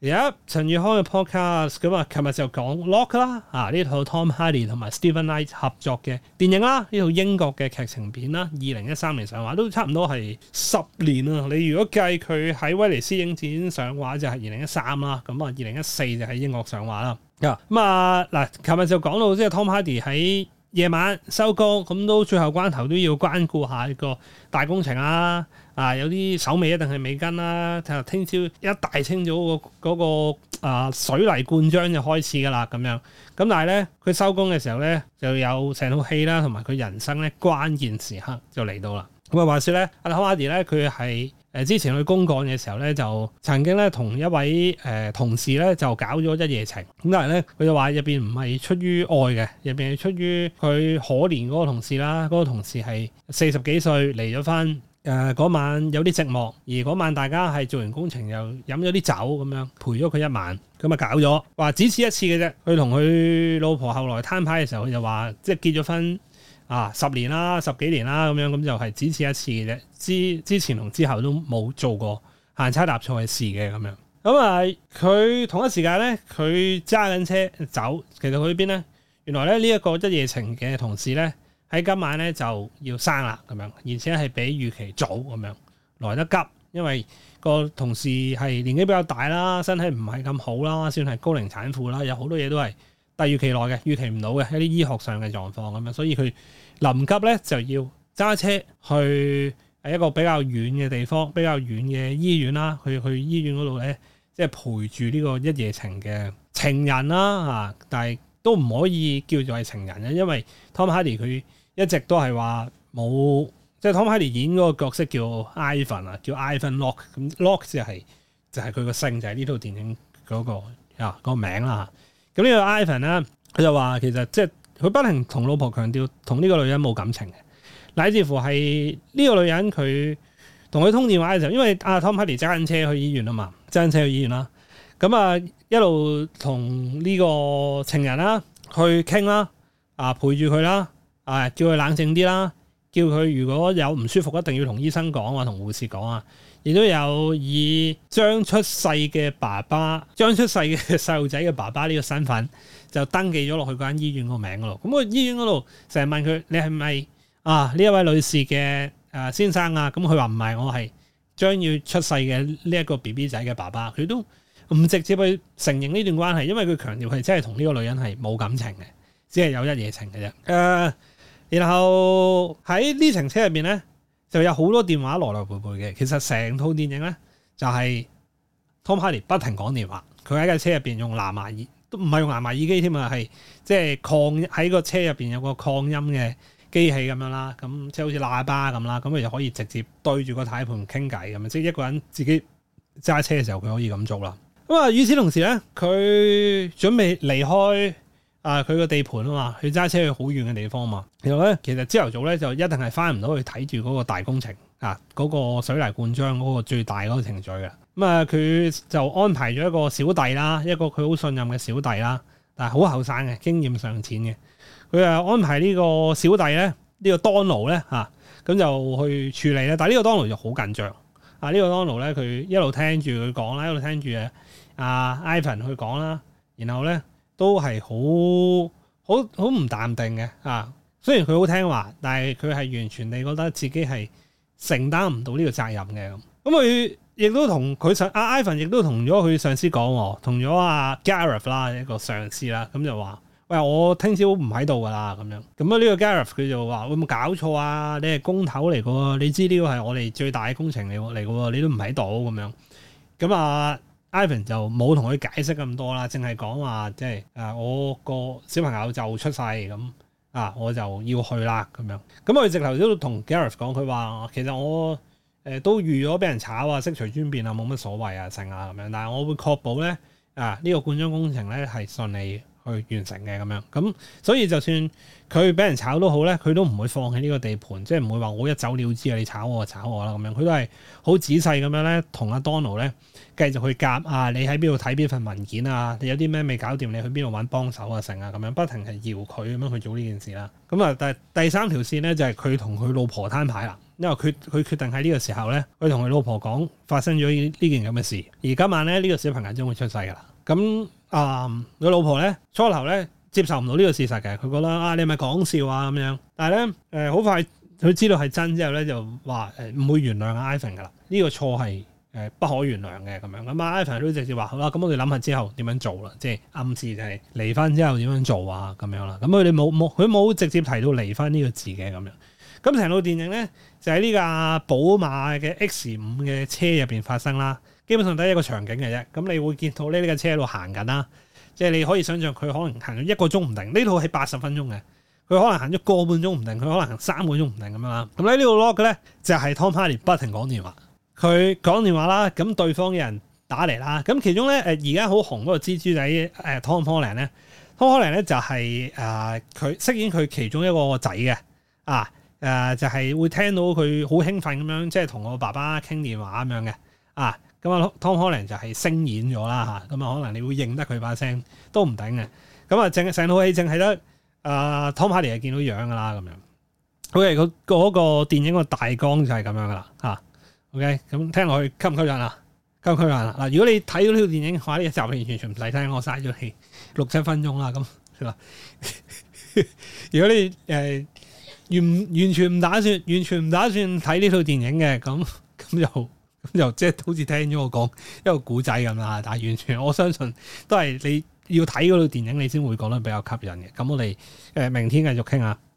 而家、yeah, 陳宇康嘅 podcast 咁啊，琴日就講 lock 啦，啊呢套 Tom Hardy 同埋 Steven Knight 合作嘅電影啦，呢套英國嘅劇情片啦，二零一三年上畫都差唔多係十年啦！你如果計佢喺威尼斯影展上畫就係二零一三啦，咁啊二零一四就喺英國上畫啦。咁啊嗱，琴、啊、日就講到即係 Tom Hardy 喺。夜晚收工咁，都最後關頭都要關顧一下一個大工程啦，啊有啲手尾一定係美根啦，睇下聽朝一大清早、嗰個嗰個啊水泥灌漿就開始㗎啦咁樣，咁但係咧佢收工嘅時候咧就有成套戲啦，同埋佢人生咧關鍵時刻就嚟到啦。咁啊話說咧，阿唐哈迪咧佢係。誒之前去公幹嘅時候咧，就曾經咧同一位誒、呃、同事咧就搞咗一夜情，咁但係咧佢就話入邊唔係出於愛嘅，入邊係出於佢可憐嗰個同事啦，嗰、那個同事係四十幾歲離咗婚，誒、呃、嗰晚有啲寂寞，而嗰晚大家係做完工程又飲咗啲酒咁樣陪咗佢一晚，咁啊搞咗，話只此一次嘅啫。佢同佢老婆後來攤牌嘅時候，佢就話即係結咗婚。啊，十年啦，十幾年啦，咁樣咁就係只此一次嘅啫。之之前同之後都冇做過行差踏錯嘅事嘅咁樣。咁啊，佢同一時間咧，佢揸緊車走，其實佢呢邊咧，原來咧呢一個一夜情嘅同事咧，喺今晚咧就要生啦咁樣，而且係比預期早咁樣來得急，因為個同事係年紀比較大啦，身體唔係咁好啦，算係高齡產婦啦，有好多嘢都係。突如其來嘅，預期唔到嘅一啲醫學上嘅狀況咁樣，所以佢臨急咧就要揸車去一個比較遠嘅地方，比較遠嘅醫院啦，去去醫院嗰度咧，即係陪住呢個一夜情嘅情人啦嚇，但係都唔可以叫做係情人嘅，因為 Tom Hardy 佢一直都係話冇，即係 Tom Hardy 演嗰個角色叫 Ivan 啊，叫 Ivan Lock，咁 Lock 就係就係佢個姓，就係呢套電影嗰個啊、個名啦。啊。咁呢個 Ivan 咧，佢就話其實即係佢不停同老婆強調同呢個女人冇感情嘅，乃至乎係呢個女人佢同佢通電話嘅時候，因為阿 Tom Hardy 揸緊車去醫院啊嘛，揸緊車去醫院啦，咁啊一路同呢個情人啦去傾啦，啊陪住佢啦，啊叫佢冷靜啲啦，叫佢如果有唔舒服一定要同醫生講啊，同護士講啊。亦都有以將出世嘅爸爸，將出世嘅細路仔嘅爸爸呢個身份，就登記咗落去嗰間醫院個名咯。咁、嗯、個醫院嗰度成日問佢：你係咪啊呢一位女士嘅誒、呃、先生啊？咁佢話唔係，是我係將要出世嘅呢一個 BB 仔嘅爸爸。佢都唔直接去承認呢段關係，因為佢強調佢真係同呢個女人係冇感情嘅，只係有一夜情嘅啫。誒、呃，然後喺呢程車入邊咧。就有好多電話來來回回嘅，其實成套電影咧就係、是、Tom Hardy 不停講電話，佢喺架車入邊用藍牙耳，都唔係用藍牙耳機添啊，係即係擴喺個車入邊有個擴音嘅機器咁樣啦，咁即係好似喇叭咁啦，咁佢就可以直接對住個軚盤傾偈咁樣，即係一個人自己揸車嘅時候佢可以咁做啦。咁啊，與此同時咧，佢準備離開。啊！佢個地盤啊嘛，佢揸車去好遠嘅地方啊嘛。然後咧，其實朝頭早咧就一定係翻唔到去睇住嗰個大工程啊，嗰、嗰個水泥灌漿嗰個最大嗰個程序啦。咁啊，佢就安排咗一個小弟啦，一個佢好信任嘅小弟啦，啊、但係好後生嘅，經驗尚淺嘅。佢啊安排呢個小弟咧，呢、呢個 Donald 咧嚇，咁、啊啊啊、就去處理啦、啊。但係呢個 Donald 就好緊張啊！呢、呢個 Donald 咧佢一路聽住佢講啦，一路聽住啊，Ivan 去講啦、啊，然後咧。都係好好好唔淡定嘅啊！雖然佢好聽話，但係佢係完全你覺得自己係承擔唔到呢個責任嘅咁。咁佢亦都同佢上阿 Ivan 亦都同咗佢上司講喎，同、啊、咗阿、啊、Gareth 啦一個上司啦，咁就話：喂，我聽朝唔喺度噶啦咁樣。咁啊，呢個 Gareth 佢就話：會唔會搞錯啊？你係工頭嚟個，你知呢個係我哋最大嘅工程嚟嚟個，你都唔喺度咁樣。咁啊～Ivan 就冇同佢解釋咁多啦，淨係講話即係誒我個小朋友就出世咁啊，我就要去啦咁樣。咁、啊、佢直頭都同 Gareth 講，佢話其實我誒、呃、都預咗俾人炒啊，悉隨尊便啊，冇乜所謂啊成啊咁樣。但係我會確保咧啊，呢、呢個灌裝工程咧係順利。去完成嘅咁樣，咁所以就算佢俾人炒都好咧，佢都唔會放棄呢個地盤，即係唔會話我一走了之啊！你炒我，炒我啦咁樣，佢都係好仔細咁樣咧，同阿 Donald 咧繼續去夾啊！你喺邊度睇邊份文件啊？你有啲咩未搞掂？你去邊度揾幫手啊？成啊咁樣，不停係搖佢咁樣去做呢件事啦。咁啊，第第三條線咧就係佢同佢老婆攤牌啦，因為佢佢決定喺呢個時候咧，佢同佢老婆講發生咗呢件咁嘅事，而今晚咧呢、這個小朋友將會出世噶啦，咁。啊！佢老婆咧初頭咧接受唔到呢個事實嘅，佢覺得啊，你係咪講笑啊咁樣？但係咧，誒、呃、好快佢知道係真之後咧，就話誒唔會原諒 Ivan 噶啦，呢、這個錯係誒、呃、不可原諒嘅咁樣。咁 Ivan 都直接話好啦，咁、啊、我哋諗下之後點樣做啦，即係暗示就係離婚之後點樣做啊咁樣啦。咁佢哋冇冇佢冇直接提到離婚呢個字嘅咁樣。咁成套電影咧就喺呢架寶馬嘅 X 五嘅車入邊發生啦。基本上都係一個場景嘅啫，咁你會見到咧呢個車喺度行緊啦，即係你可以想象佢可能行一個鐘唔定，呢套係八十分鐘嘅，佢可能行咗個半鐘唔定，佢可能行三個鐘唔定咁樣啦。咁喺呢度 lock 嘅咧就係 Tom Hardy 不停講電話，佢講電話啦，咁對方嘅人打嚟啦，咁其中咧誒而家好紅嗰個蜘蛛仔誒 Tom Holland 咧，Tom Holland 咧就係誒佢飾演佢其中一個仔嘅，啊誒、呃、就係、是、會聽到佢好興奮咁樣即係同我爸爸傾電話咁樣嘅，啊。咁啊，Tom Holland 就係聲演咗啦嚇，咁啊可能你會認得佢把聲都唔頂嘅。咁啊，淨係成套戲淨係得啊 Tom Hardy 見到樣噶啦咁樣。O.K. 嗰、嗰個電影個大綱就係咁樣噶啦，吓 O.K. 咁聽落去吸唔吸引啊？吸唔吸引啊？嗱，如果你睇到呢套電影嘅話，呢集你完全唔使聽，我嘥咗氣六七分鐘啦咁。 如果你誒、呃、完完全唔打算，完全唔打算睇呢套電影嘅，咁咁就。又即係好似聽咗我講一個古仔咁啦，但係完全我相信都係你要睇嗰套電影，你先會覺得比較吸引嘅。咁我哋誒明天繼續傾下。